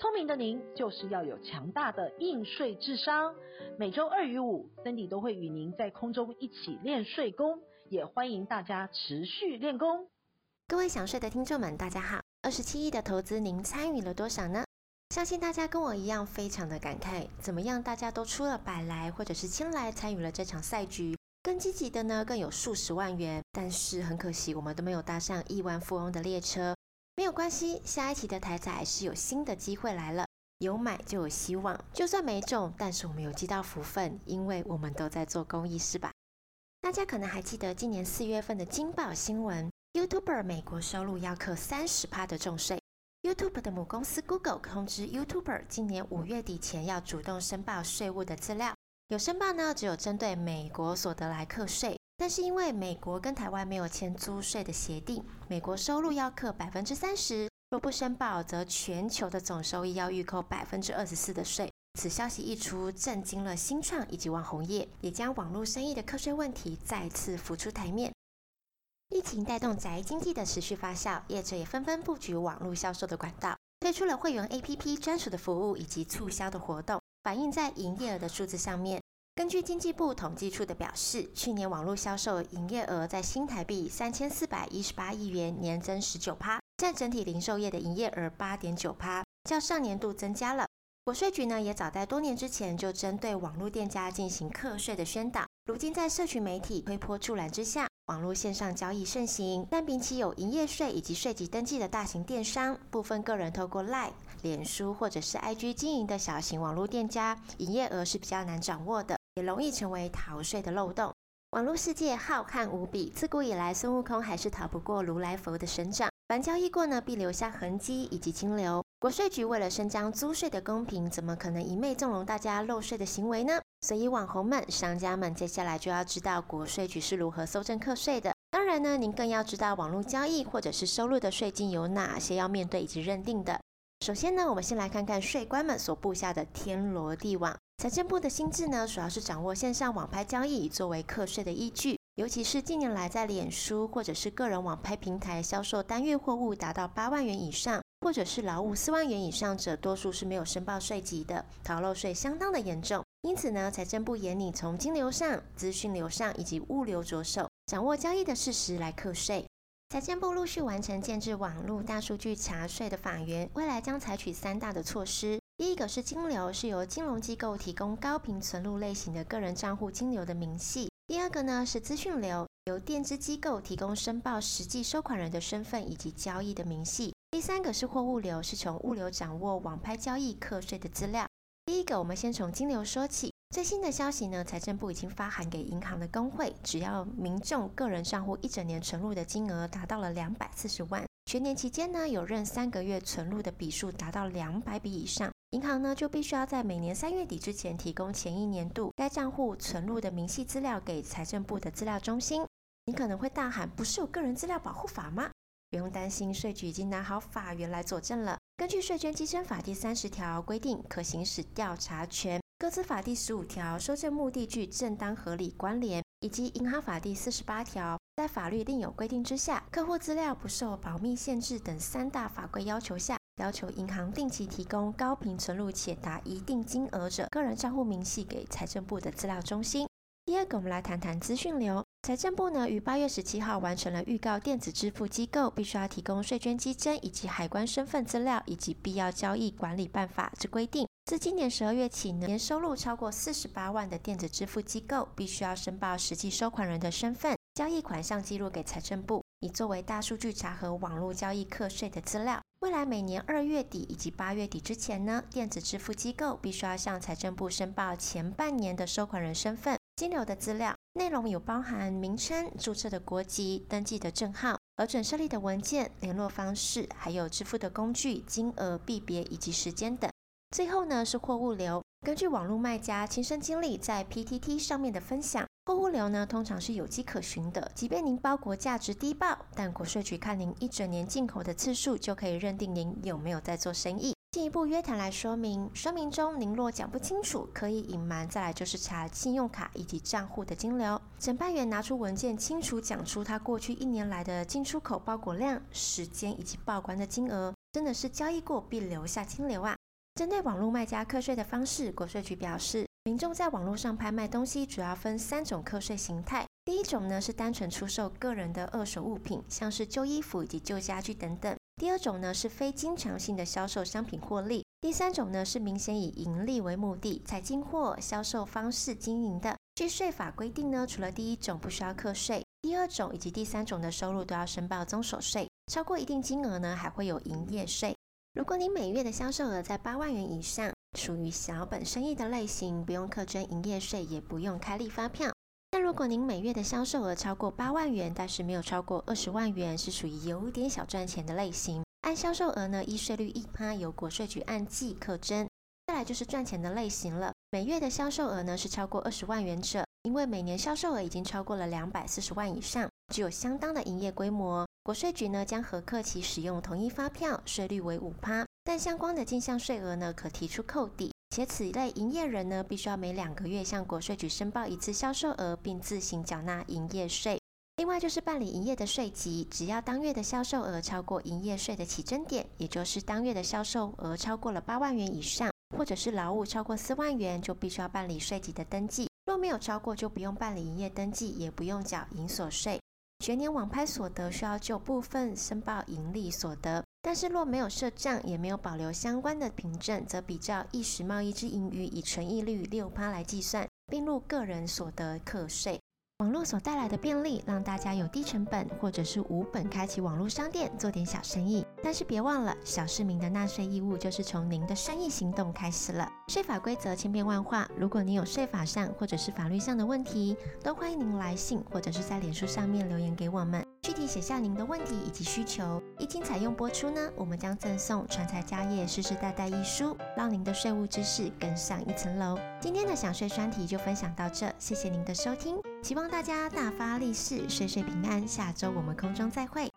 聰明的您就是要有強大的應稅智商。每周二與五，Cindy 都會與您在空中一起練稅功，也歡迎大家持續練功。各位想稅的聽眾們，大家好。二十七億的投資，您參與了多少呢？相信大家跟我一樣非常的感慨，怎麼樣，大家都出了百來或者是千來參與了這場賽局，更積極的呢，更有數十萬元。但是很可惜，我們都沒有搭上億萬富翁的列車。沒有關係，下一期的台彩是有新的機會來了。有買就有希望，就算沒中，但是我們有積到福分，因為我們都在做公益，是吧？大家可能還記得今年四月份的金報新聞，YouTuber 美國收入要課三十趴的重稅。YouTube 的母公司 Google 通知 YouTuber，今年五月底前要主動申報稅務的資料。有申報呢，只有針對美國所得來課稅。但是因為美國跟台灣沒有簽租稅的協定，美國收入要課百分之三十，若不申報，則全球的總收益要預扣百分之二十四的稅。此消息一出，震驚了新創以及網紅業，也將網絡生意的課稅問題再次浮出台面。疫情帶動宅經濟的持續發酵，業者也紛紛布局網絡銷售的管道，推出了會員 APP 專屬的服務以及促銷的活動，反映在營業額的數字上面。根據經濟部統計處的表示，去年網絡銷售營業額在新台幣三千四百一十八億元，年增十九趴，占整體零售業的營業額八點九趴，較上年度增加了。國稅局呢也早在多年之前就針對網絡店家進行課稅的宣導，如今在社群媒體推波助瀾之下，網絡線上交易盛行，但比起有營業稅以及稅籍登記的大型電商，部分個人透過 Line、臉書或者是 IG 經營的小型網絡店家，營業額是比較難掌握的。容易成為逃稅的漏洞。網絡世界浩瀚無比，自古以來孫悟空還是逃不過如來佛的神掌。凡交易過呢，必留下痕跡以及金流。國稅局為了伸張租稅的公平，怎麼可能一昧縱容大家漏稅的行為呢？所以網紅們、商家們，接下來就要知道國稅局是如何搜證課稅的。當然呢，您更要知道網絡交易或者是收入的稅金有哪些要面對以及認定的。首先呢，我們先來看看稅官們所布下的天羅地網。財政部的新制呢，主要是掌握線上網拍交易作為課稅的依據，尤其是近年來在臉書或者是個人網拍平台銷售單月貨物達到八萬元以上，或者是勞務四萬元以上者，多數是沒有申報稅籍的，逃漏稅相當的嚴重。因此呢，財政部嚴厲從金流上、資訊流上以及物流着手，掌握交易的事實來課稅。財政部陸續完成建置網路大數據查稅的法源，未來將採取三大的措施。第一個是金流，是由金融機構提供高頻存入類型的個人賬戶金流的明細。第二個呢是資訊流，由電支機構提供申報實際收款人的身份以及交易的明細。第三個是貨物流，是從物流掌握網拍交易課稅的資料。第一個，我們先從金流說起。最新的消息呢，財政部已經發函給銀行的公會，只要民眾個人賬戶一整年存入的金額達到了兩百四十萬，全年期間呢有任三個月存入的筆數達到兩百筆以上，銀行呢，就必須要在每年三月底之前提供前一年度該賬戶存入的明細資料給財政部的資料中心。你可能會大喊：“不是有個人資料保護法嗎？”不用擔心，稅局已經拿好法源來佐證了。根據稅捐稽徵法第三十條規定，可行使調查權；個資法第十五條，收證目的具正當合理關聯；以及銀行法第四十八條，在法律另有規定之下，客戶資料不受保密限制等三大法規要求下。要求銀行定期提供高頻存入且達一定金額者個人賬戶明細給財政部的資料中心。第二個，我們來談談資訊流。財政部呢，於八月十七號完成了預告電子支付機構必須要提供稅捐稽徵以及海關身份資料以及必要交易管理辦法之規定。自今年十二月起呢，年收入超過四十八萬的電子支付機構必須要申報實際收款人的身份、交易款項記錄給財政部。以作為大數據查核網絡交易課稅的資料，未來每年二月底以及八月底之前呢，電子支付機構必須要向財政部申報前半年的收款人身份、金流的資料，內容有包含名稱、註冊的國籍、登記的證號、核准設立的文件、聯絡方式，還有支付的工具、金額、幣別以及時間等。最後呢是貨物流，根據網絡賣家親身經歷在 PTT 上面的分享。貨物流呢，通常是有跡可循的。即便您包裹價值低報，但國稅局看您一整年進口的次數，就可以認定您有沒有在做生意。進一步約談來說明，說明中您若講不清楚，可以隱瞞。再來就是查信用卡以及賬戶的金流。承辦員拿出文件，清楚講出他過去一年來的進出口包裹量、時間以及報關的金額，真的是交易過必留下金流啊。針對網絡賣家課稅的方式，國稅局表示。民眾在網絡上拍賣東西，主要分三種課稅形態。第一種呢是單純出售個人的二手物品，像是舊衣服以及舊家具等等。第二種呢是非經常性的銷售商品獲利。第三種呢是明顯以盈利為目的，採進貨銷售方式經營的。據稅法規定呢，除了第一種不需要課稅，第二種以及第三種的收入都要申報綜所稅，超過一定金額呢還會有營業稅。如果你每月的銷售額在八萬元以上，屬於小本生意的類型，不用課徵營業稅，也不用開立發票。但如果您每月的銷售額超過八萬元，但是沒有超過二十萬元，是屬於有點小賺錢的類型。按銷售額呢，依稅率一趴由國稅局按季課徵。再來就是賺錢的類型了，每月的銷售額呢是超過二十萬元者，因為每年銷售額已經超過了兩百四十萬以上，具有相當的營業規模，國稅局呢將核課其使用統一發票，稅率為五趴。但相關的進項稅額呢，可提出扣抵。且此類營業人呢，必須要每兩個月向國稅局申報一次銷售額，並自行繳納營業稅。另外就是辦理營業的稅籍，只要當月的銷售額超過營業稅的起徵點，也就是當月的銷售額超過了八萬元以上，或者是勞務超過四萬元，就必須要辦理稅籍的登記。若沒有超過，就不用辦理營業登記，也不用繳營所稅。全年網拍所得需要就部分申報營利所得。但是若沒有設帳，也沒有保留相關的憑證，則比照一時貿易之盈餘，以存益率六％來計算，併入個人所得課稅。網絡所帶來的便利，讓大家有低成本或者是無本開啟網絡商店，做點小生意。但是別忘了，小市民的納稅義務就是從您的生意行動開始了。稅法規則千變萬化，如果您有稅法上或者是法律上的問題，都歡迎您來信或者是在臉書上面留言給我們，具體寫下您的問題以及需求。一經採用播出呢，我們將贈送《傳財家業世世代代》一書，讓您的稅務知識更上一層樓。今天的想稅專題就分享到這，謝謝您的收聽。希望大家大發利市，歲歲平安。下週我們空中再會。